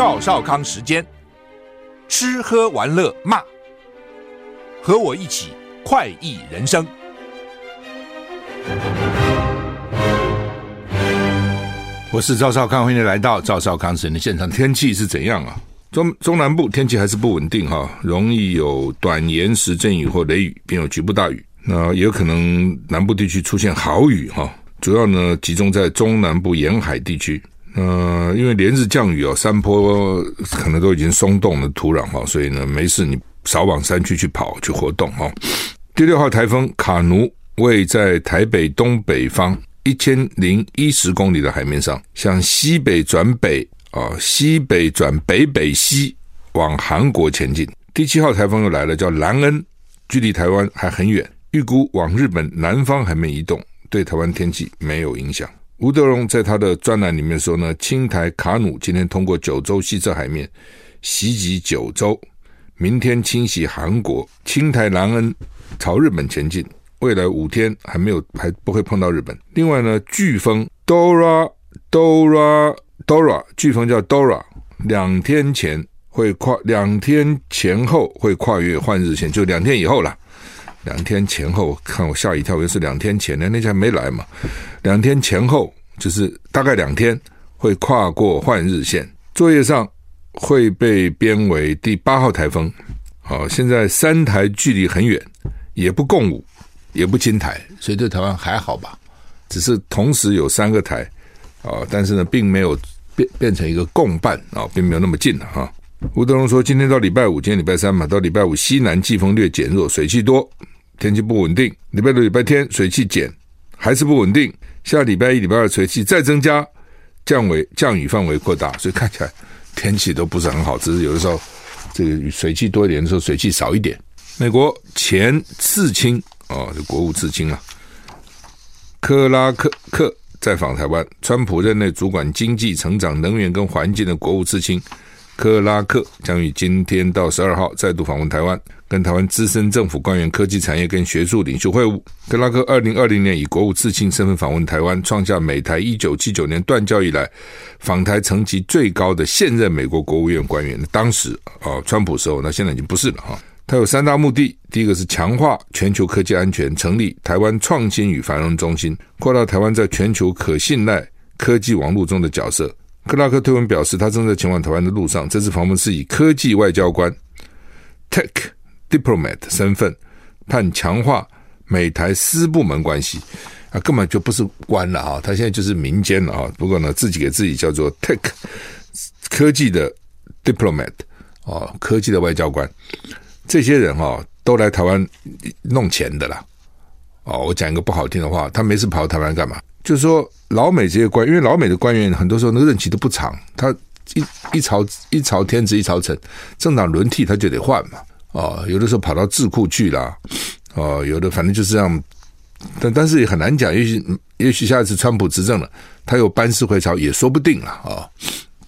趙少康時間，吃喝玩樂罵，和我一起快意人生。我是趙少康，歡迎你來到趙少康時間的現場。天氣是怎樣啊？中中南部天氣還是不穩定哈，容易有短延時陣雨或雷雨，並有局部大雨。那也有可能南部地區出現豪雨哈，主要呢集中在中南部沿海地區。嗯、呃，因為連日降雨哦，山坡可能都已經鬆動了土壤哈、哦，所以呢，沒事你少往山區去跑去活動哈、哦。第六號颱風卡努位在台北東北方一千零一十公里的海面上，向西北轉北啊、哦，西北轉北北西往韓國前進。第七號颱風又來了，叫蘭恩，距離台灣還很遠，預估往日本南方還沒移動，對台灣天氣沒有影響。吳德榮在他的專欄裡面說呢，輕颱卡努今天通過九州西側海面，襲擊九州，明天侵襲韓國。輕颱蘭恩朝日本前進，未來五天還沒有還不會碰到日本。另外呢，颶風 Dora Dora Dora，颶風叫 Dora，兩天前會跨，兩天前後會跨越換日線，就兩天以後了。兩天前後，看我嚇一跳，原是兩天前的，那天還沒來嘛。兩天前後，就是大概兩天會跨過換日線，作業上會被編為第八號颱風。好、哦，現在三台距離很遠，也不共舞，也不侵台，所以對台灣還好吧？只是同時有三個台啊、哦，但是呢，並沒有變變成一個共伴啊、哦，並沒有那麼近了哈。吳德龍說：“今天到禮拜五，今天禮拜三嘛，到禮拜五西南季風略減弱，水汽多，天氣不穩定。禮拜六、禮拜天水汽減，還是不穩定。下禮拜一、禮拜二水汽再增加，降為降雨範圍擴大，所以看起來天氣都不是很好。只是有的時候，這個水汽多一點的時候，水汽少一點。”美國前次青哦，就國務次青啊，克拉克克在訪台灣。川普任內主管經濟成長、能源跟環境的國務次青。克拉克將於今天到十二號再度訪問台灣，跟台灣資深政府官員、科技產業跟學術領袖會晤。柯拉克二零二零年以國務次卿身份訪問台灣，創下美台一九七九年斷交以來訪台層級最高的現任美國國務院官員。當時哦，川普時候，那現在已經不是了哈。他有三大目的：第一個是強化全球科技安全，成立台灣創新與繁榮中心，擴大台灣在全球可信賴科技網絡中的角色。柯拉克推文表示，他正在前往台灣的路上。這次訪問是以科技外交官 （Tech Diplomat） 身份，盼強化美台私部門關係。啊，根本就不是官了啊、哦，他現在就是民間了啊、哦。不過呢，自己給自己叫做 Tech 科技的 Diplomat 哦，科技的外交官。這些人哈、哦，都來台灣弄錢的啦。哦，我講一個不好聽的話，他沒事跑到台灣幹嘛？就是說老美這些官員，因為老美的官員很多時候那個任期都不長，他一一朝一朝天子一朝臣，政黨輪替他就得換嘛。哦，有的時候跑到智庫去啦，哦，有的反正就是這樣。但但是也很難講，也許也許下一次川普執政了，他又班師回朝也說不定了啊，哦，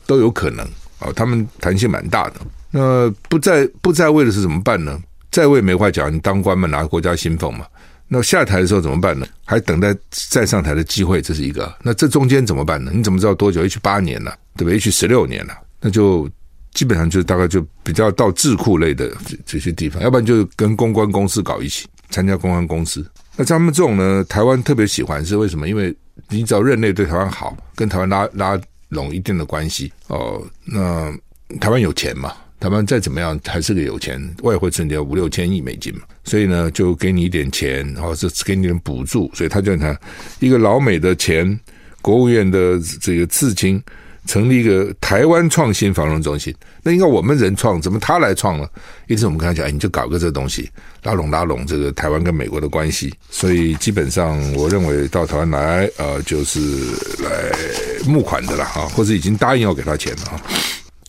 都有可能啊，哦。他們彈性蠻大的。那不在不在位的是怎麼辦呢？在位沒話講，你當官嘛，拿國家薪俸嘛。那下台的時候怎麼辦呢？還等待再上台的機會，這是一個。那這中間怎麼辦呢？你怎麼知道多久？H 八年了，對不？一 H 十六年了。那就基本上就大概就比較到智庫類的這些地方，要不然就跟公關公司搞一起，參加公關公司。那他們這種呢，台灣特別喜歡是為什麼？因為你只要任內對台灣好，跟台灣拉拉攏一定的關係哦。那台灣有錢嘛。他們再怎麼樣還是個有錢，外匯存底五六千億美金嘛，所以呢就給你一點錢，然、哦、後是給你點補助，所以他就講一個老美的錢，國務院的這個資金成立一個台灣創新繁榮中心，那應該我們人創，怎麼他來創了？因此我們跟他講，哎，你就搞個這東西，拉攏拉攏這個台灣跟美國的關係。所以基本上我認為到台灣來，呃，就是來募款的了啊、哦，或者已經答應要給他錢了啊。哦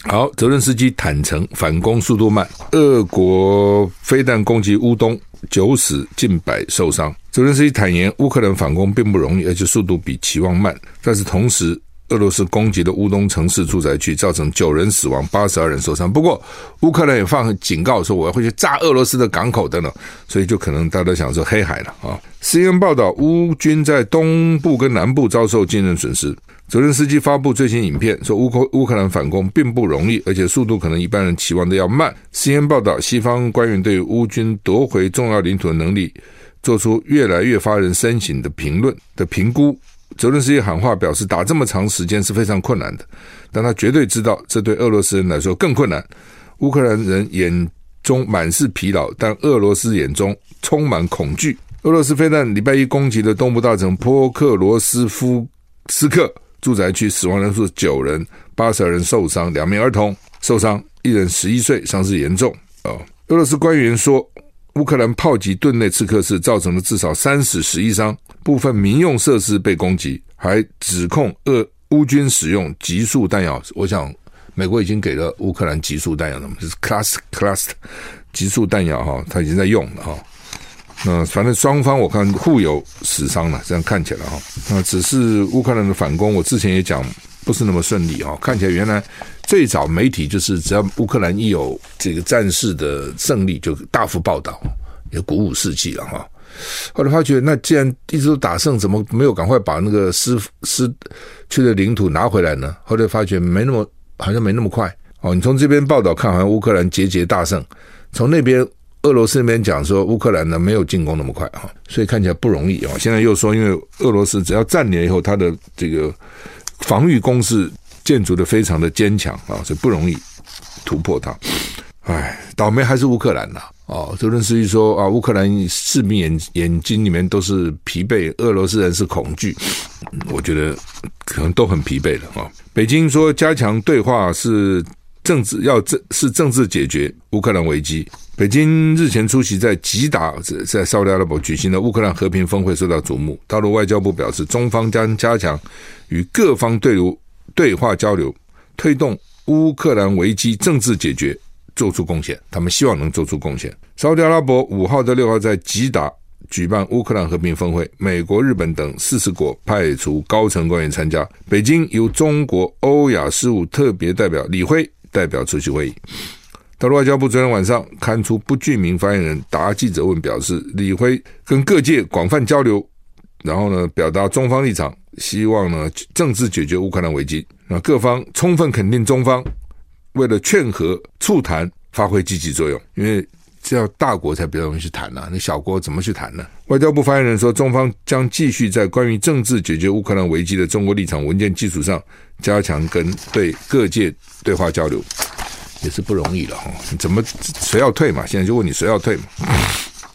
好，澤倫斯基坦承反攻速度慢。俄國飛彈攻擊烏東，九死近百受傷。澤倫斯基坦言，烏克蘭反攻並不容易，而且速度比期望慢。但是同時，俄羅斯攻擊的烏東城市住宅區，造成九人死亡、八十二人受傷。不過，烏克蘭也放警告說，我要回去炸俄羅斯的港口等等，所以就可能大家想說黑海了啊。哦。CNN 報道，烏軍在東部跟南部遭受驚人損失。澤倫斯基發布最新影片，說烏克蘭烏克蘭反攻並不容易，而且速度可能一般人期望的要慢。CNN 報道，西方官員對烏軍奪回重要領土的能力做出越來越發人深省的評論的評估。澤倫斯基喊話表示，打這麼長時間是非常困難的，但他絕對知道這對俄羅斯人來說更困難。烏克蘭人眼中滿是疲勞，但俄羅斯眼中充滿恐懼。俄羅斯飛彈禮拜一攻擊了東部大城波克羅斯夫斯克。住宅區死亡人數九人，八十二人受傷，兩名兒童受傷，一人十一歲，傷勢嚴重。啊、哦，俄羅斯官員說，烏克蘭炮擊頓內茨克市造成了至少三死十一傷，部分民用設施被攻擊，還指控俄烏軍使用集束彈藥。我想，美國已經給了烏克蘭集束彈藥了，就是 cluster cluster 集束彈藥哈，它已經在用了哈。哦嗯，反正雙方我看互有死傷嘛，這樣看起來哈、哦。那只是烏克蘭的反攻，我之前也講不是那麼順利啊、哦。看起來原來最早媒體就是只要烏克蘭一有這個戰事的勝利，就大幅報道，也鼓舞士氣了哈、哦。後來發覺，那既然一直都打勝，怎麼沒有趕快把那個失失去的領土拿回來呢？後來發覺沒那麼好像沒那麼快哦。你從這邊報道看，好像烏克蘭節節大勝，從那邊。俄羅斯那邊講說，烏克蘭呢沒有進攻那麼快啊，所以看起來不容易啊。現在又說，因為俄羅斯只要占領了以後，它的這個防禦工事建築的非常的堅強啊，所以不容易突破它。哎，倒霉還是烏克蘭吶啊！澤倫斯基說啊，烏克蘭市民眼眼睛裡面都是疲憊，俄羅斯人是恐懼。我覺得可能都很疲憊了啊。北京說加強對話是。政治要政是政治解決烏克蘭危機。北京日前出席在吉達在沙烏地阿拉伯舉行的烏克蘭和平峰會，受到矚目。大陸外交部表示，中方將加強與各方對流對話交流，推動烏克蘭危機政治解決，做出貢獻。他們希望能做出貢獻。沙烏地阿拉伯五號到六號在吉達舉辦烏克蘭和平峰會，美國、日本等四十國派出高層官員參加。北京由中國歐亞事務特別代表李輝。代表出席會議。大陸外交部昨天晚上刊出不具名發言人答記者問，表示，李輝跟各界廣泛交流，然後呢，表達中方立場，希望呢，政治解決烏克蘭危機。那各方充分肯定中方為了勸和促談發揮積極作用，因為。這要大國才比較容易去談吶、啊，那小國怎麼去談呢？外交部發言人說，中方將繼續在關於政治解決烏克蘭危機的中國立場文件基礎上，加強跟對各界對話交流，也是不容易了哈、哦。你怎麼誰要退嘛？現在就問你誰要退嘛？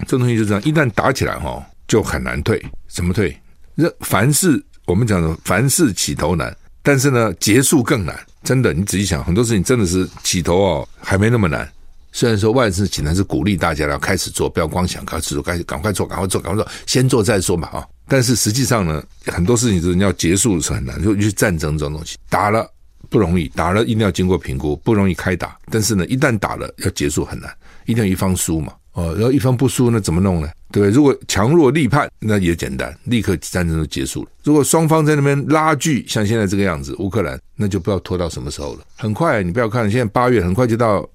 這東西就這樣，一旦打起來哈、哦，就很難退。怎麼退？那凡事我們講的凡事起頭難，但是呢，結束更難。真的，你仔細想，很多事情真的是起頭哦，還沒那麼難。雖然說萬事只還是鼓勵大家要開始做，不要光想開始做，趕緊趕快做，趕快做，趕快做，先做再說嘛，啊、哦！但是實際上呢，很多事情就是你要結束是很難，尤其是戰爭這種東西，打了不容易，打了一定要經過評估，不容易開打。但是呢，一旦打了要結束很難，一定要一方輸嘛，哦，然後一方不輸那怎麼弄呢？對不對？如果強弱立判，那也簡單，立刻戰爭就結束了。如果雙方在那邊拉鋸，像現在這個樣子，烏克蘭那就不知道拖到什麼時候了。很快，你不要看現在八月，很快就到。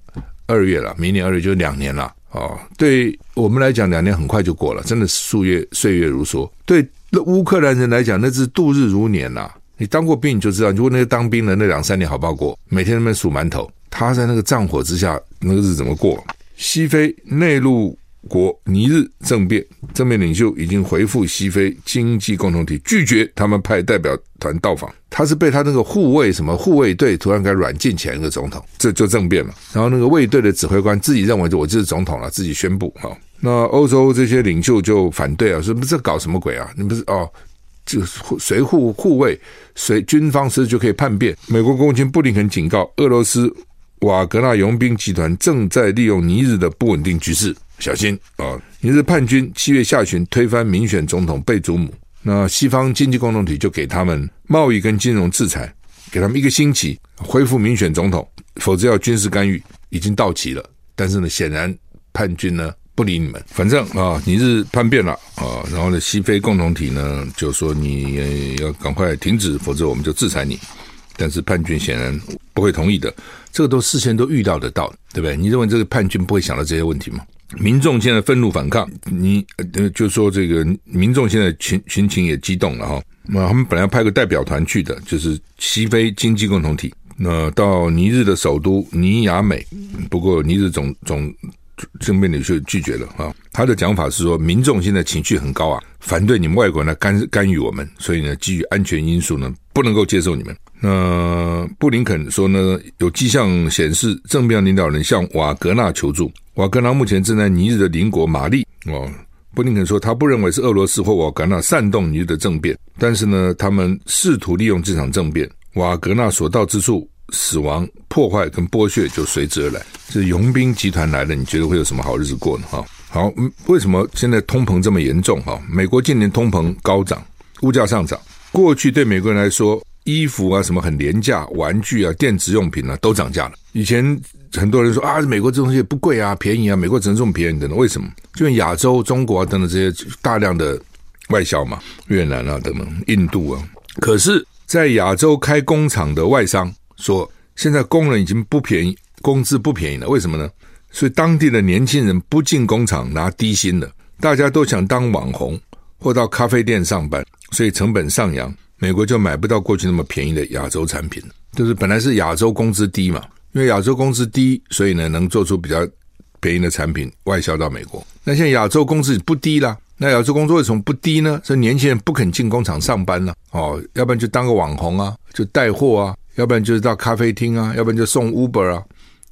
二月了，明年二月就是兩年了哦，對我們來講，兩年很快就過了，真的是歲月歲月如梭。對那烏克蘭人來講，那是度日如年呐、啊！你當過兵，你就知道，如果那個當兵的那兩三年好不好過，每天在那邊數饅頭，他在那個戰火之下，那個日子怎麼過？西非內陸。國尼日政變，政變領袖已經回覆西非經濟共同體，拒絕他們派代表團到訪。他是被他那個護衛什麼護衛隊突然給軟禁起來一個總統，這就政變了。然後那個衛隊的指揮官自己認為我就是總統了，自己宣布那歐洲這些領袖就反對啊，說不是這搞什麼鬼啊？你不是哦，就誰護護衛誰軍方是是就可以叛變？美國國務卿布林肯警告俄羅斯瓦格納傭兵集團正在利用尼日的不穩定局勢。小心啊、哦！你是叛軍，七月下旬推翻民選總統貝祖姆，那西方經濟共同體就給他們貿易跟金融制裁，給他們一個星期恢復民選總統，否則要軍事干預。已經到期了，但是呢，顯然叛軍呢不理你們，反正啊、哦、你是叛變了啊、哦！然後呢，西非共同體呢就說你要趕快停止，否則我們就制裁你。但是叛軍顯然不會同意的，這個都事先都預料得到，對不對？你認為這個叛軍不會想到這些問題嗎？民眾現在憤怒反抗，你呃，就說這個民眾現在群群情也激動了哈。那、哦、他們本來要派個代表團去的，就是西非經濟共同體，那、呃、到尼日的首都尼亞美，不過尼日總總政變領袖拒絕了啊、哦。他的講法是說，民眾現在情緒很高啊，反對你們外國人來干干預我們，所以呢，基於安全因素呢，不能夠接受你們。那布林肯說呢，有跡象顯示政變領導人向瓦格納求助。瓦格納目前正在尼日的鄰國馬利。哦，布林肯說他不認為是俄羅斯或瓦格納煽動尼日的政變，但是呢，他們試圖利用這場政變。瓦格納所到之處，死亡、破壞跟剝削就隨之而來。這是傭兵集團來了，你覺得會有什麼好日子過呢？哈，好，為什麼現在通膨這麼嚴重？哈，美國近年通膨高漲，物價上漲。過去對美國人來說，衣服啊，什麼很廉價，玩具啊，電子用品啊，都漲價了。以前很多人說啊，美國這東西不貴啊，便宜啊，美國怎麼這麼便宜等等。為什麼？就像亞洲、中國啊等等這些大量的外銷嘛，越南啊等等，印度啊。可是，在亞洲開工廠的外商說，現在工人已經不便宜，工資不便宜了。為什麼呢？所以當地的年輕人不進工廠拿低薪了，大家都想當網紅或到咖啡店上班，所以成本上揚。美國就買不到過去那麼便宜的亞洲產品，就是本來是亞洲工資低嘛，因為亞洲工資低，所以呢能做出比較便宜的產品外銷到美國。那現在亞洲工資不低了，那亞洲工資為什麼不低呢？所以年輕人不肯進工廠上班了、啊、哦，要不然就當個網紅啊，就帶貨啊，要不然就是到咖啡廳啊，要不然就送 Uber 啊，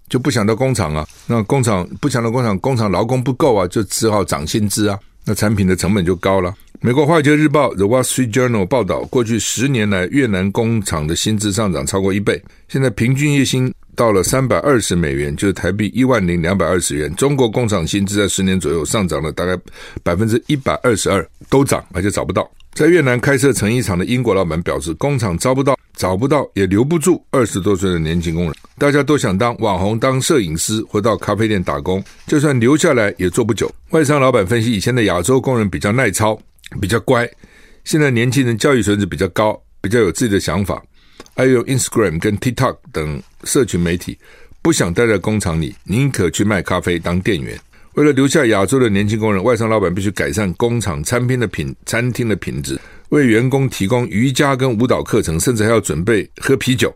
就不想到工廠啊。那工廠不想到工廠，工廠勞工不夠啊，就只好漲薪資啊，那產品的成本就高了。美國《華爾街日報》（The Wall Street Journal） 報道，過去十年來，越南工廠的薪資上漲超過一倍，現在平均月薪到了三百二十美元，就是台幣一萬零兩百二十元。中國工廠薪資在十年左右上漲了大概百分之一百二十二，都漲而且找不到。在越南開設成衣廠的英國老闆表示，工廠招不到、找不到，也留不住二十多歲的年輕工人，大家都想當網紅、當攝影師或到咖啡店打工，就算留下來也做不久。外商老闆分析，以前的亞洲工人比較耐操。比較乖。現在年輕人教育水準比較高，比較有自己的想法，還有用 Instagram 跟 TikTok 等社群媒體。不想待在工廠裡，寧可去賣咖啡當店員。為了留下亞洲的年輕工人，外商老板必須改善工廠餐廳的品餐廳的品質，為員工提供瑜伽跟舞蹈課程，甚至還要準備喝啤酒、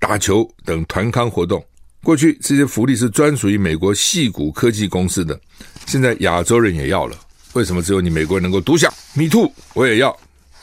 打球等團康活動。過去這些福利是專屬於美國矽谷科技公司的，現在亞洲人也要了。為什麼只有你美國人能夠獨享？Me too，我也要。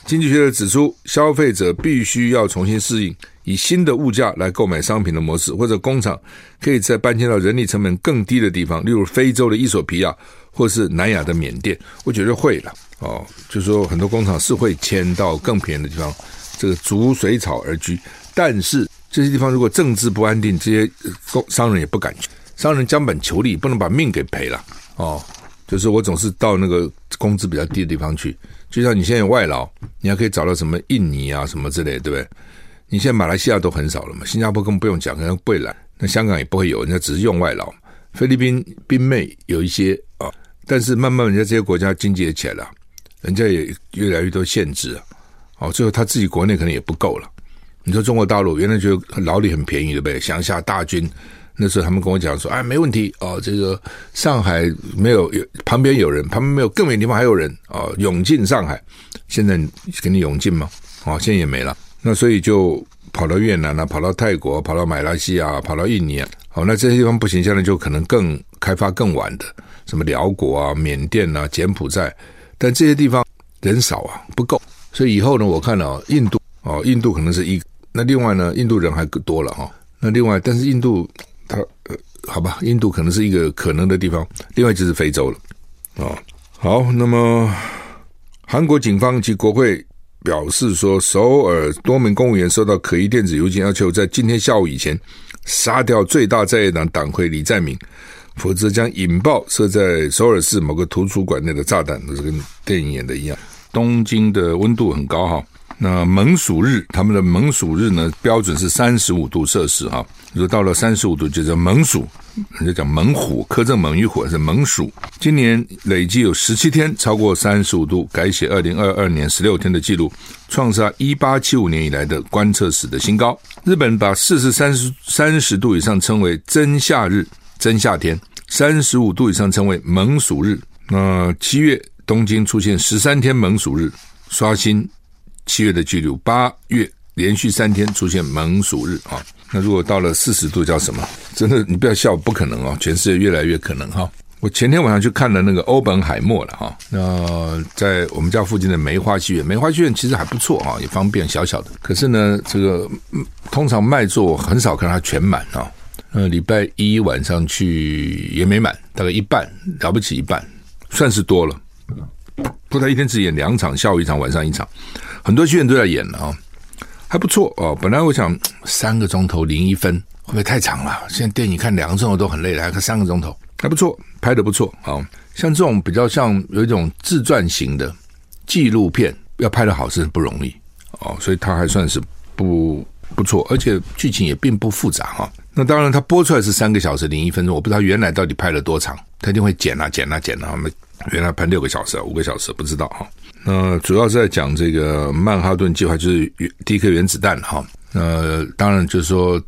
經濟學家指出，消費者必須要重新適應以新的物價來購買商品的模式，或者工廠可以再搬遷到人力成本更低的地方，例如非洲的衣索比亞，或是南亞的緬甸。我覺得會了哦，就是說很多工廠是會遷到更便宜的地方，這個逐水草而居。但是這些地方如果政治不安定，這些工商人也不敢去。商人將本求利，不能把命給賠了哦。就是我總是到那個工資比較低的地方去，就像你現在有外勞，你還可以找到什麼印尼啊什麼之類，對不對？你現在馬來西亞都很少了嘛，新加坡更不用講，可能貴蘭那香港也不會有，人家只是用外勞。菲律賓賓妹有一些啊，但是慢慢人家這些國家經濟也起來了，人家也越來越多限制啊，哦，最後他自己國內可能也不夠了。你說中國大陸原來覺得勞力很便宜，對不對？鄉下大軍。那時候他們跟我講說：“哎，沒問題哦，這個上海沒有有旁邊有人，旁邊沒有更遠地方還有人啊，湧、哦、進上海。現在給你湧進嗎？哦，現在也沒了。那所以就跑到越南啊，跑到泰國，跑到馬來西亞，跑到印尼、啊。哦，那這些地方不行，現在就可能更開發更晚的，什麼寮國啊、緬甸啊、柬埔寨。但這些地方人少啊，不夠。所以以後呢，我看了、哦、啊，印度哦，印度可能是一個。那另外呢，印度人還多了哈、哦。那另外，但是印度。他呃，好吧，印度可能是一個可能的地方，另外就是非洲了。哦，好，那麼韓國警方及國會表示說，首爾多名公務員收到可疑電子郵件，要求在今天下午以前殺掉最大在野黨黨魁李在明，否則將引爆設在首爾市某個圖書館內的炸彈，就是跟電影演的一樣。東京的溫度很高哈、哦。那猛暑日，他們的猛暑日呢？標準是三十五度攝氏哈。如、啊、果到了三十五度，就叫猛暑，人家講猛虎，苛政猛於虎是猛暑。今年累計有十七天超過三十五度，改寫二零二二年十六天的記錄，創下一八七五年以來的觀測史的新高。日本把四十、三十三十度以上稱為真夏日、真夏天，三十五度以上稱為猛暑日。那七月東京出現十三天猛暑日，刷新，七月的記錄，八月連續三天出現猛暑日啊！那如果到了四十度叫什麼？真的，你不要笑，不可能哦！全世界越來越可能哈。我前天晚上去看了那個歐本海默了哈。那在我們家附近的梅花戲院，梅花戲院其實還不錯哈，也方便小小的。可是呢，這個通常賣座，我很少看它全滿啊。呃，禮拜一晚上去也沒滿，大概一半，了不起一半，算是多了。不太一天只演兩場，下午一場，晚上一場，很多戲院都在演了啊，還不錯啊。本來我想三個鐘頭零一分會不會太長了？現在電影看兩個鐘頭都很累了，還看三個鐘頭還不錯，拍得不錯啊。像這種比較像有一種自傳型的紀錄片，要拍得好是很不容易哦、啊，所以它還算是不不錯，而且劇情也並不複雜哈、啊。那當然，它播出來是三個小時零一分鐘，我不知道原來到底拍了多長，它一定會剪啊剪啊剪啊原來噴六個小時，五個小時不知道哈。那主要是在講這個曼哈頓計劃，就是第一顆原子彈哈。呃，當然就是說，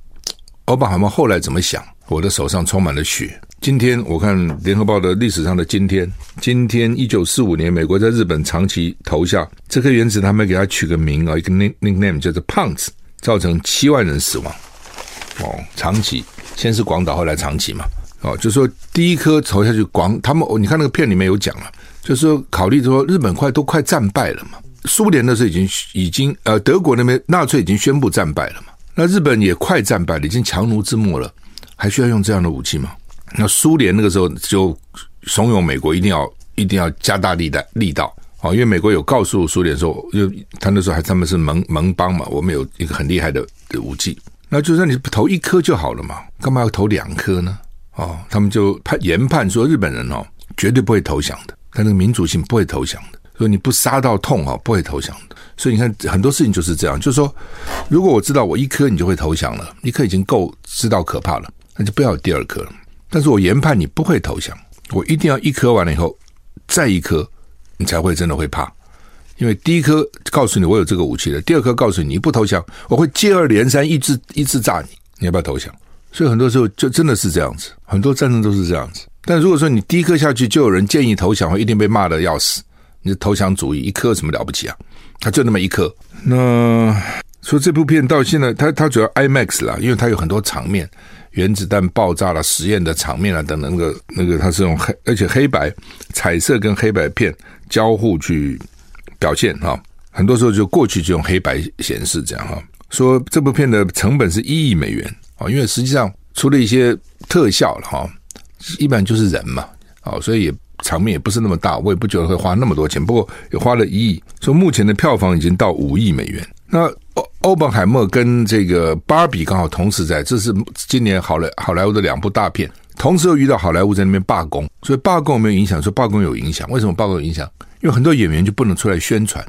歐本海默後來怎麼想？我的手上充滿了血。今天我看《聯合報》的歷史上的今天，今天一九四五年，美國在日本長崎投下這顆原子彈，還沒給他取個名啊，一個 nick nickname 叫做胖子，造成七萬人死亡。哦，長崎，先是廣島，後來長崎嘛。哦，就是說第一顆投下去，廣他們、哦，你看那個片裡面有講了，啊，就是說考慮說日本快都快戰敗了嘛，蘇聯那時候已經已經呃德國那邊納粹已經宣布戰敗了嘛，那日本也快戰敗了，已經強弩之末了，還需要用這樣的武器嗎？那蘇聯那個時候就慫恿美國一定要一定要加大力的力道，哦，因為美國有告訴蘇聯說，就他那時候還他們是盟盟邦嘛，我們有一個很厲害的的武器，那就是說你投一顆就好了嘛，幹嘛要投兩顆呢？哦，他們就判研判說，日本人哦絕對不會投降的，他那個民族性不會投降的，所以你不殺到痛哦不會投降的。所以你看很多事情就是這樣，就是說，如果我知道我一顆你就會投降了，一顆已經夠知道可怕了，那就不要有第二顆了。但是我研判你不會投降，我一定要一顆完了以後再一顆，你才會真的會怕，因為第一顆告訴你我有這個武器了，第二顆告訴你，你不投降，我會接二連三一直一直炸你，你要不要投降？所以很多時候就真的是這樣子，很多戰爭都是這樣子。但如果說你第一顆下去就有人建議投降，會一定被罵得要死。你投降主義一顆有什麼了不起啊？他就那麼一顆。那說這部片到現在，它它主要 IMAX 啦，因為它有很多場面，原子彈爆炸了、實驗的場面啊等等，那個那個它是用黑，而且黑白、彩色跟黑白片交互去表現哈。很多時候就過去就用黑白顯示這樣哈。說這部片的成本是一億美元。因為實際上除了一些特效了哈，一般就是人嘛，啊，所以也場面也不是那麼大，我也不覺得會花那麼多錢。不過也花了一億，所以目前的票房已經到五億美元。那歐歐本海默跟這個芭比剛好同時在，這是今年好萊好萊塢的兩部大片，同時又遇到好萊塢在那邊罷工，所以罷工有沒有影響？說罷工有影響，為什麼罷工有影響？因為很多演員就不能出來宣傳，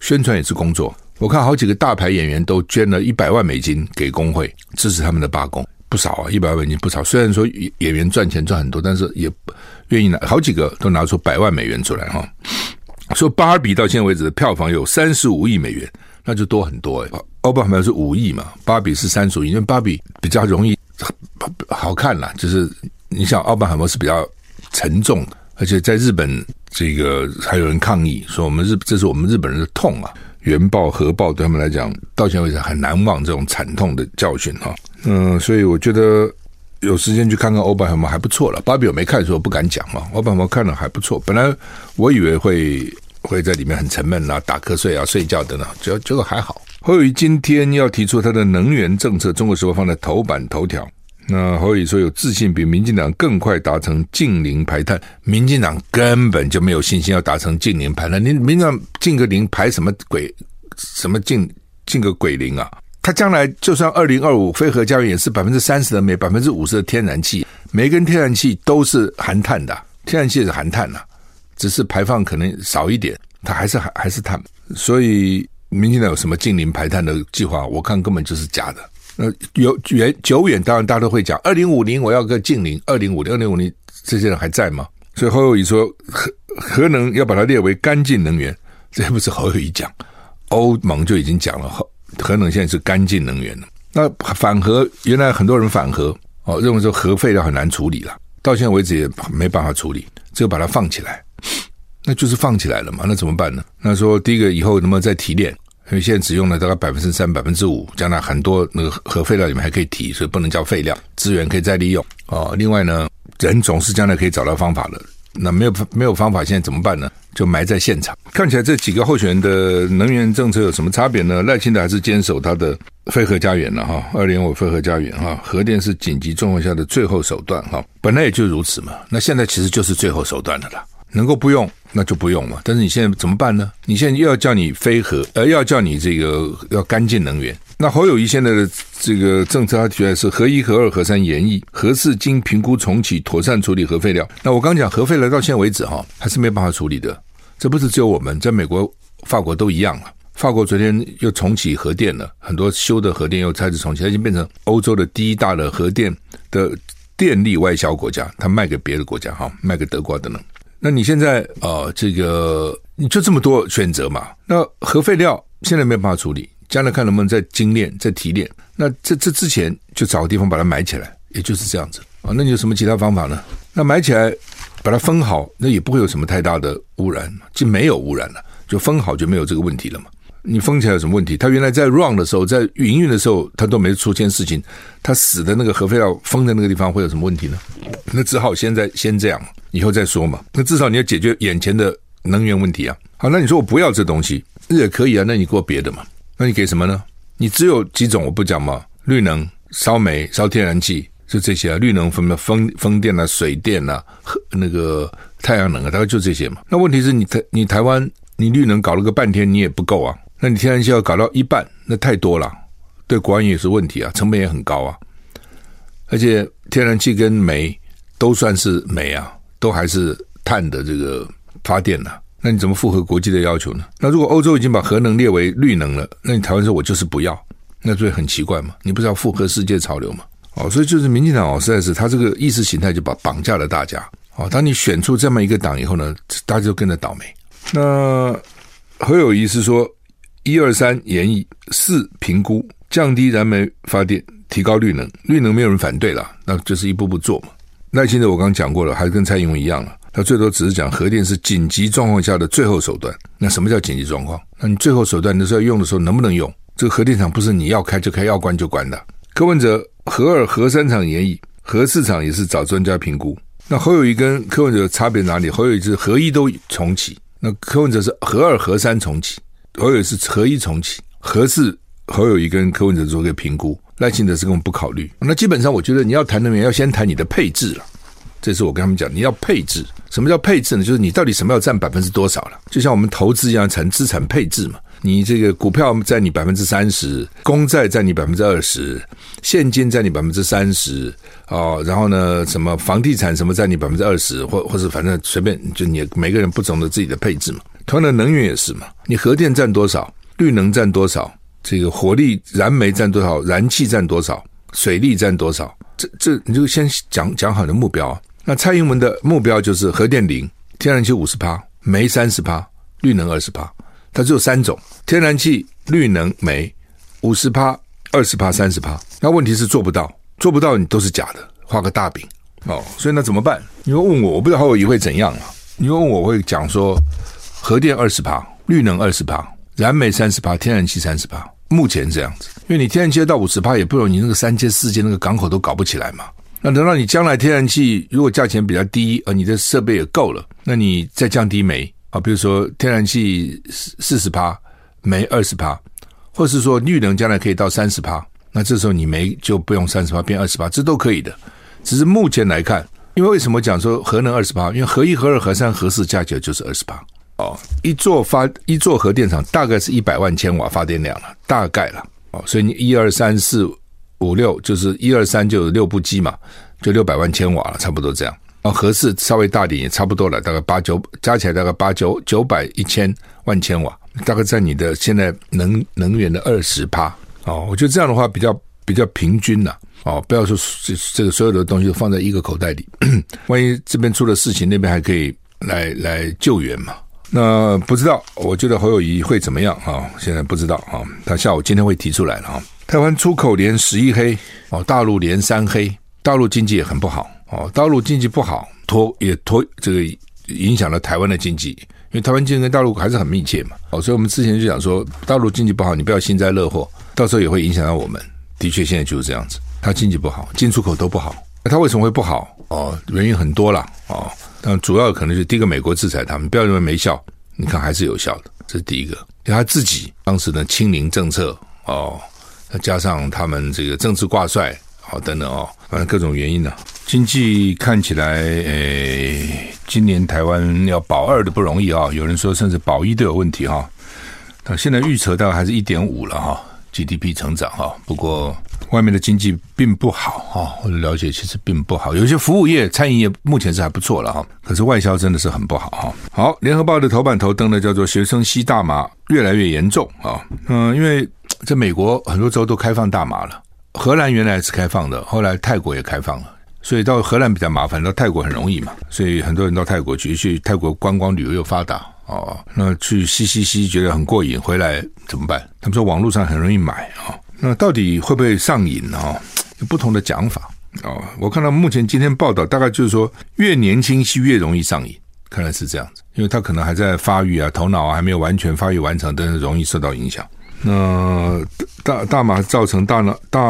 宣傳也是工作。我看好幾個大牌演員都捐了一百萬美金給工會支持他們的罷工，不少啊，一百萬美金不少。雖然說演員賺錢賺很多，但是也願意拿，好幾個都拿出百萬美元出來哈。說《芭比》到現在為止的票房有三十五億美元，那就多很多哎。《奧本海默》是五億嘛，《芭比》是三十五億，因為《芭比》比較容易好看啦。就是你像《奧本海默》是比較沉重，而且在日本這個還有人抗議說我們日這是我們日本人的痛啊。原爆、核爆對他們來講，到現在為止，很難忘這種慘痛的教訓哈。嗯，所以我覺得有時間去看看《奧本海默》還還不錯了。《芭比》我沒看，時候不敢講嘛。《奧本海默》看了還不錯，本來我以為會會在裡面很沉悶啊、打瞌睡啊、睡覺的呢，結結果還好。侯友宜今天要提出他的能源政策，《中國時報》放在頭版頭條。那侯友宜說有自信比民進黨更快達成淨零排碳？民進黨根本就沒有信心要達成淨零排碳。你民進黨淨個零排什麼鬼？什麼淨淨個鬼零啊？他將來就算二零二五非核家園，也是百分之三十的煤，百分之五十的天然氣。煤跟天然氣都是含碳的，天然氣是含碳的啊，只是排放可能少一點，它還是還還是碳。所以民進黨有什麼淨零排碳的計劃？我看根本就是假的。呃，有遠久遠，當然大家都會講，二零五零我要個淨零，二零五零、二零五零這些人還在嗎？所以侯友宜說核核能要把它列為乾淨能源，這也不是侯友宜講，歐盟就已經講了核，核能現在是乾淨能源。那反核原來很多人反核，哦，認為說核廢料很難處理了，到現在為止也沒辦法處理，只有把它放起來，那就是放起來了嘛，那怎麼辦呢？那說第一個以後能不能再提煉？因為現在只用了大概百分之三、百分之五，將來很多那個核廢料裡面還可以提，所以不能叫廢料，資源可以再利用啊、哦，另外呢，人總是將來可以找到方法的。那沒有沒有方法，現在怎麼辦呢？就埋在現場。看起來這幾個候選人的能源政策有什麼差別呢？賴清德還是堅守他的“非核家園、啊”了哈，“二零二五非核家園、啊”哈，核電是緊急狀況下的最後手段哈、哦，本來也就如此嘛。那現在其實就是最後手段了啦，能夠不用。那就不用了，但是你現在怎麼辦呢？你現在又要叫你非核，呃，要叫你這個要乾淨能源。那侯友宜現在的這個政策，他提出來是核一、核二、核三延役，核四經評估重啟，妥善處理核廢料。那我剛講核廢料到現在為止哈，還是沒辦法處理的。這不是只有我們，在美國、法國都一樣了。法國昨天又重啟核電了，很多修的核電又開始重啟，它已經變成歐洲的第一大的核電的電力外銷國家，他賣給別的國家哈，賣給德國的呢。那你現在啊、呃，這個你就這麼多選擇嘛？那核廢料現在沒有辦法處理，將來看能不能再精煉、再提煉。那這這之前就找個地方把它埋起來，也就是這樣子啊、哦。那你有什麼其他方法呢？那埋起來，把它封好，那也不會有什麼太大的污染，就沒有污染了，就封好就沒有這個問題了嘛。你封起來有什麼問題？他原來在 run 的時候，在營運的時候，他都沒出現事情。他死的那個核廢料封在那個地方會有什麼問題呢？那只好現在先這樣，以後再說嘛。那至少你要解決眼前的能源問題啊。好，那你說我不要這東西，那也可以啊。那你給我別的嘛？那你給什麼呢？你只有幾種，我不講嘛。綠能、燒煤、燒天然氣，就這些啊。綠能分的風、風電啊、水電啊、和那個太陽能啊，大概就這些嘛。那問題是你台你台灣你綠能搞了個半天，你也不夠啊。那你天然氣要搞到一半，那太多了，對國安也是問題啊，成本也很高啊。而且天然氣跟煤都算是煤啊，都還是碳的這個發電呢啊。那你怎麼符合國際的要求呢？那如果歐洲已經把核能列為綠能了，那你台灣說我就是不要，那所以很奇怪嘛。你不是要符合世界潮流嘛？哦，所以就是民進黨實在是他這個意識形態就把綁架了大家。哦，當你選出這麼一個黨以後呢，大家就跟着倒霉。那很有意思說。一二三延役、四評估降低燃煤發電，提高綠能，綠能沒有人反對了，那就是一步步做嘛。賴清德我剛講過了，還是跟蔡英文一樣了，他最多只是講核電是緊急狀況下的最後手段。那什麼叫緊急狀況？那你最後手段，你是要用的時候能不能用？這個核電廠不是你要開就開，要關就關的。柯文哲核二核三廠延役，核四廠，廠也是找專家評估。那侯友宜跟柯文哲差別哪裡？侯友宜是核一都重啟，那柯文哲是核二核三重啟。侯友宜是合一重啟，何是侯友宜跟柯文哲做個評估？賴清德是根本不考慮。那基本上，我覺得你要談能源要先談你的配置了。這是我跟他們講，你要配置。什麼叫配置呢？就是你到底什麼要占百分之多少了？就像我們投資一樣，產資產配置嘛。你這個股票占你百分之三十，公債占你百分之二十，現金占你百分之三十啊。然後呢，什麼房地產什麼占你百分之二十，或或者反正隨便，就你每個人不同的自己的配置嘛。台灣的能源也是嘛，你核電占多少，綠能占多少，這個火力、燃煤占多少，燃氣占多少，水力占多少？這這你就先講講好的目標啊。那蔡英文的目標就是核電零，天然氣五十趴，煤三十趴，綠能二十趴。它只有三種：天然氣、綠能、煤，五十趴、二十趴、三十趴。那問題是做不到，做不到你都是假的，畫個大餅哦。所以那怎麼辦？你會問，問我，我不知道侯友宜會怎樣啊。你問，問我，我會講說。核電二十趴，綠能二十趴，燃煤三十趴，天然氣三十趴，目前這樣子。因為你天然氣到五十趴也不容易，你那個三接四接那個港口都搞不起來嘛。那等到你將來天然氣如果價錢比較低，而、啊、你的設備也夠了，那你再降低煤啊，比如說天然氣四四十趴，煤二十趴，或是說綠能將來可以到三十趴，那這時候你煤就不用三十趴變二十趴，這都可以的。只是目前來看，因為為什麼講說核能二十趴？因為核一、核二、核三、核四加起來就是二十趴。哦，一座發一座核電廠大概是一百萬千瓦發電量了，大概了哦，所以你一二三四五六就是一二三就有六部機嘛，就六百萬千瓦了，差不多這樣。然核四稍微大點也差不多了，大概八九加起來大概八九九百一千萬千瓦，大概在你的現在能能源的二十趴。哦，我覺得這樣的話比較比較平均了。哦，不要說這這個所有的東西都放在一個口袋裡， 萬一這邊出了事情，那邊還可以來來救援嘛。那不知道，我覺得侯友宜會怎麼樣啊？現在不知道啊。他下午今天會提出來了啊。台灣出口連十一黑哦，大陸連三黑，大陸經濟也很不好哦。大陸經濟不好，拖也拖，也拖這個影響了台灣的經濟，因為台灣經濟跟大陸還是很密切嘛。哦，所以我們之前就講說，大陸經濟不好，你不要幸災樂禍，到時候也會影響到我們。的確，現在就是這樣子，它經濟不好，進出口都不好。那它為什麼會不好？哦、呃，原因很多了哦。呃但主要可能就是第一個，美國制裁他們，不要認為沒效，你看還是有效的，這是第一個。因為他自己當時的清零政策哦，加上他們這個政治掛帥，好、哦、等等哦，反正各種原因呢、啊，經濟看起來，誒，今年台灣要保二的不容易啊、哦，有人說甚至保一都有問題哈、哦。那現在預測到還是一點五了哈、哦，GDP 成長哈、哦，不過。外面的經濟並不好啊，我的了解其實並不好，有些服務業、餐飲業目前是還不錯了哈，可是外銷真的是很不好哈。好，聯合報的頭版頭登呢叫做“學生吸大麻越來越嚴重”啊，嗯，因為在美國很多州都開放大麻了，荷蘭原來是開放的，後來泰國也開放了，所以到荷蘭比較麻煩，到泰國很容易嘛，所以很多人到泰國去，去泰國觀光旅遊又發達哦，那去吸吸吸覺得很過癮，回來怎麼辦？他們說網絡上很容易買啊。那到底會不會上癮呢、哦？有不同的講法、哦、我看到目前今天報道，大概就是說，越年輕是越容易上癮，看來是這樣子，因為他可能還在發育啊，頭腦啊還沒有完全發育完成，但是容易受到影響。那大，大大麻造成大腦大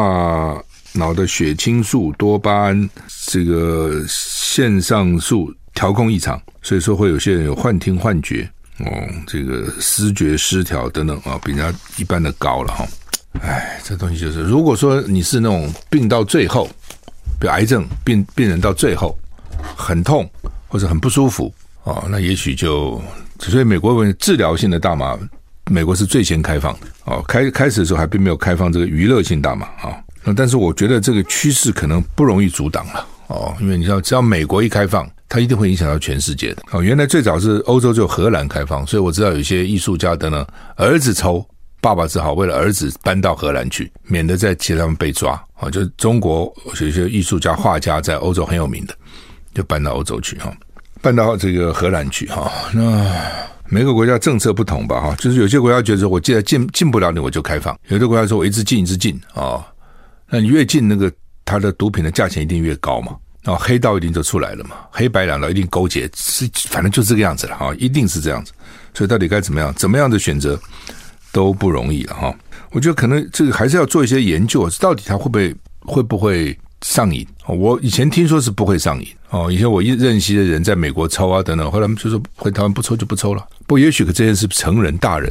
腦的血清素、多巴胺這個腺上素調控異常，所以說會有些人有幻聽、幻覺哦，這個思覺失調等等啊，比人家一般的高了哈。哎，這東西就是，如果說你是那種病到最後，比如癌症病病人到最後很痛，或者很不舒服啊、哦，那也許就，所以美國為治療性的大麻，美國是最先開放的哦。開開始的時候還並沒有開放這個娛樂性大麻啊，那、哦、但是我覺得這個趨勢可能不容易阻擋了哦，因為你知道，只要美國一開放，它一定會影響到全世界的哦。原來最早是歐洲就荷蘭開放，所以我知道有些藝術家的呢兒子抽。爸爸只好為了兒子搬到荷蘭去，免得在其他地方被抓啊！就中國有一些藝術家、畫家在歐洲很有名的，就搬到歐洲去哈，搬到這個荷蘭去哈。那每個國家政策不同吧哈，就是有些國家覺得說我既然進進不了你，我就開放；有的國家說我一直進一直進啊，那你越進那個他的毒品的價錢一定越高嘛，然後黑道一定就出來了嘛，黑白兩道一定勾結，是反正就是這個樣子了哈，一定是這樣子。所以到底該怎麼樣？怎麼樣的選擇？都不容易了、啊、哈，我覺得可能這個還是要做一些研究，到底他會不會會不會上癮？我以前聽說是不會上癮哦，以前我一認識的人在美國抽啊等等，後來他們就說回台灣不抽就不抽了。不，也許可這些是成人大人，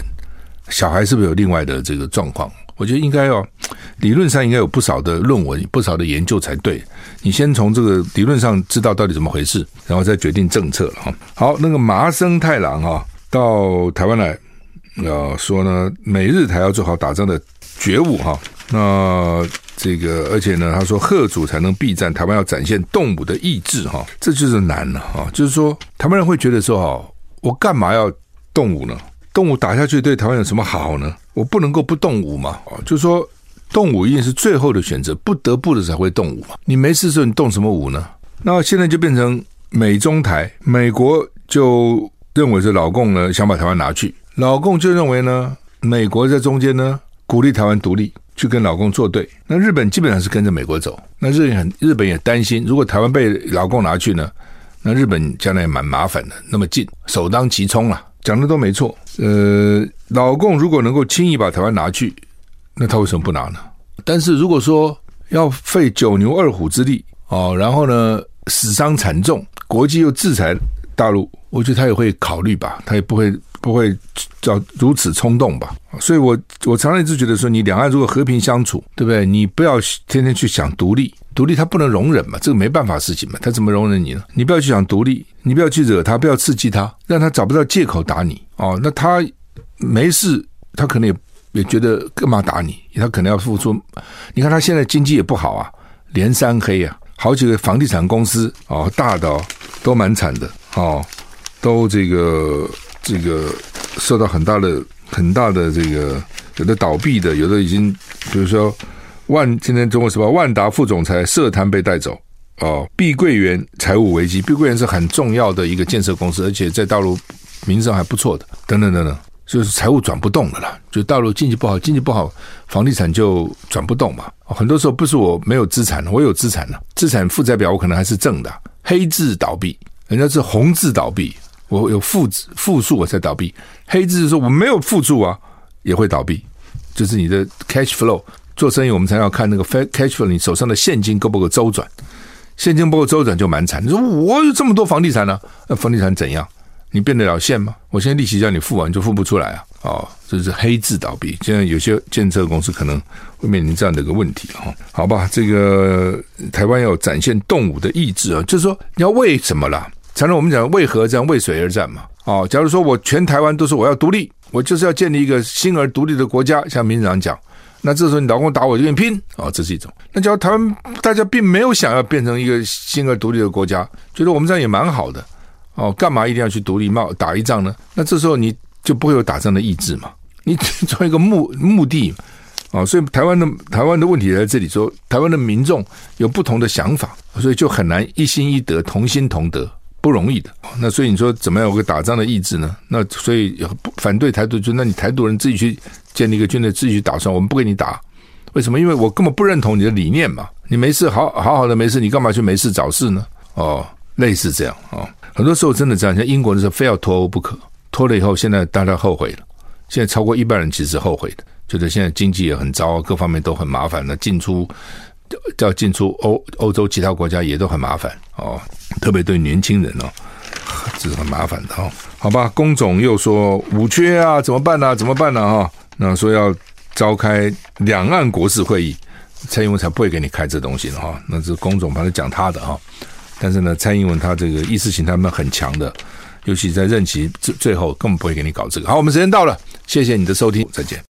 小孩是不是有另外的這個狀況？我覺得應該要、哦、理論上應該有不少的論文、不少的研究才對。你先從這個理論上知道到底怎麼回事，然後再決定政策了哈。好，那個麻生太郎啊，到台灣來。啊，說呢，美日台要做好打仗的覺悟哈。那這個，而且呢，他說，嚇阻才能避戰，台灣要展現動武的意志哈。這就是難了、啊、哈、啊。就是說，台灣人會覺得說，哈、哦，我幹嘛要動武呢？動武打下去對台灣有什麼好呢？我不能夠不動武嘛。啊，就是說，動武一定是最後的選擇，不得不的才會動武嘛。你沒事的時候你動什麼武呢？那現在就變成美中台，美國就認為是老共呢想把台灣拿去。老共就認為呢，美國在中間呢，鼓勵台灣獨立，去跟老共作對。那日本基本上是跟着美國走。那日本很日本也擔心，如果台灣被老共拿去呢，那日本將來也蠻麻煩的。那麼近，首當其衝啊，講的都沒錯。呃，老共如果能夠輕易把台灣拿去，那他為什麼不拿呢？但是如果說要費九牛二虎之力哦，然後呢，死傷慘重，國際又制裁大陸，我覺得他也會考慮吧，他也不會。不會叫如此衝動吧？所以我，我我常常一直覺得說，你兩岸如果和平相處，對不對？你不要天天去想獨立，獨立他不能容忍嘛，這個沒辦法事情嘛，他怎麼容忍你呢？你不要去想獨立，你不要去惹他，不要刺激他，讓他找不到借口打你哦。那他沒事，他可能也也覺得，幹嘛打你？他可能要付出。你看，他現在經濟也不好啊，連三黑啊，好幾個房地產公司哦，大的，哦、都蠻慘的哦，都這個。這個受到很大的、很大的這個，有的倒閉的，有的已經，比如說萬今天中國什麼萬達副總裁涉貪被帶走，哦，碧桂園財務危機，碧桂園是很重要的一個建設公司，而且在大陸名聲還不錯的，等等等等，就是財務轉不動的啦，就大陸經濟不好，經濟不好，房地產就轉不動嘛。很多時候不是我沒有資產，我有資產了，資產負債表我可能還是正的，黑字倒閉，人家是紅字倒閉。我有負資負數，我才倒閉。黑字是說我沒有負數啊，也會倒閉。就是你的 cash flow 做生意，我們才要看那個 cash flow，你手上的現金夠不夠周轉？現金不夠周轉就蠻慘。你說我有這麼多房地產呢，啊？那房地產怎樣？你變得了現嗎？我現在利息叫你付完，就付不出來啊！哦，這，就是黑字倒閉。現在有些建設公司可能會面臨這樣的一個問題哈，哦。好吧，這個台灣要展現動武的意志啊，就是說你要為什麼啦？才能我們講為何戰，為誰而戰嘛？哦，假如說我全台灣都說我要獨立，我就是要建立一個新而獨立的國家，像民進黨講，那這時候你老公打我就變拼哦，這是一種。那假如台灣大家並沒有想要變成一個新而獨立的國家，覺得我們這樣也蠻好的哦，幹嘛一定要去獨立冒打一仗呢？那這時候你就不會有打仗的意志嘛？你為一個目目的啊，、哦，所以台灣的台灣的問題在這裡說，說台灣的民眾有不同的想法，所以就很難一心一德，同心同德。不容易的，那所以你說怎麼樣有個打仗的意志呢？那所以反對台獨就，那你台獨人自己去建立一個軍隊，自己去打仗，我們不給你打，為什麼？因為我根本不認同你的理念嘛。你沒事，好好好的沒事，你幹嘛去沒事找事呢？哦，類似這樣啊、哦，很多時候真的這樣。像英國的時候，非要脫歐不可，脫了以後，現在大家後悔了，現在超過一半人其實後悔的，覺得現在經濟也很糟，各方面都很麻煩了，進出。要進出歐歐洲其他國家也都很麻煩哦，特別對年輕人哦，這是很麻煩的哈、哦。好吧，工總又說五缺啊，怎麼辦呢、啊？怎麼辦呢？哈，那說要召開兩岸國是會議，蔡英文才不會給你開這東西呢。哈。那是工總反正講他的哈、哦，但是呢，蔡英文他這個意識形態們很強的，尤其在任期最最後，更不會給你搞這個。好，我們時間到了，謝謝你的收聽，再見。